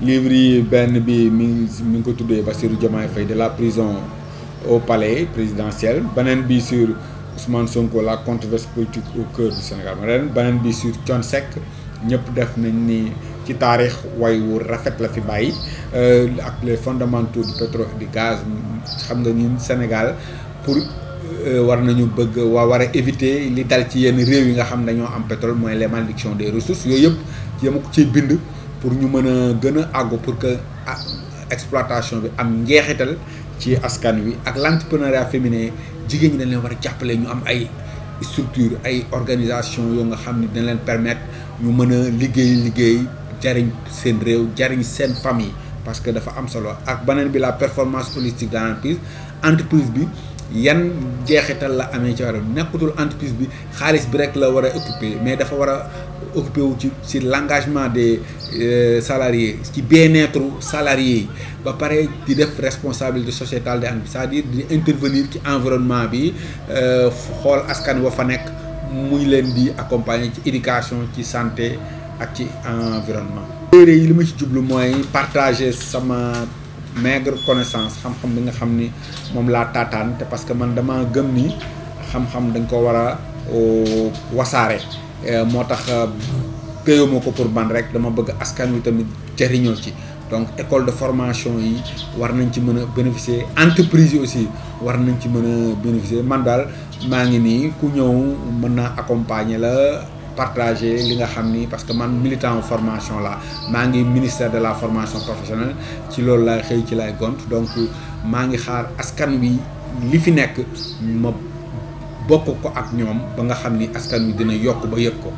livre yi benn bi mi ngi mi ngi ko tuddee Bassirou de la prison au palais présidentiel beneen bi sur Ousmane Sonko la controverse politique au cœur du Sénégal moderne beneen bi sur Thione Seck ñëpp def nañ ni ci taarix way rafet la fi bàyyi euh, ak les fondamentaux du pétrole et du gaz xam nga ñun Sénégal pour euh, war nañu bëgg waa war éviter li dal ci yenn réew yi nga xam ne am pétrole mooy les malédictions des ressources yooyu yëpp yëma ko ciy bind pour pour que ah, exploitation bi une l'entrepreneuriat féminin structure ay organisation yo nga xamni dañ leen permettre famille parce que dafa am solo ak banen bi la performance politique de entreprise yan jeexital la amee ci wàllu nekkutul entreprise bi xaalis bi rek la war a occupé mais dafa war a occupé wu ci l'engagement des euh, salariés ci bien-être salariés yi ba pare di def responsabilité sociétale de am c'est-à-dire di intervenir ci environnement bi euh, xool askan wa fa nekk muy leen di accompagner ci éducation ci santé ak ci environnement téere yi li ma ci jublu mooy partager sama maigre connaissance xam-xam bi nga xam ni moom laa taataan te parce que man dama gën nii xam-xam dañ ko war a euh, wasaare euh, moo tax euh, téyuma ko pour man rek dama bëgg askan wi tamit jëriñoo ci donc école de formation yi war nañ ci mën a bénéficier entreprise aussi war nañ ci mën a bénéficier man daal maa ngi nii ku ñëw mën naa accompagner la partager li nga xamni parce que man militant formation la mangi ministère de la formation professionnelle ci loolu la xey ci lay gont donc mangi xaar askan wi li fi nek ma bokko ko ak ñom ba nga xamni askan wi dina yok ba yëg ko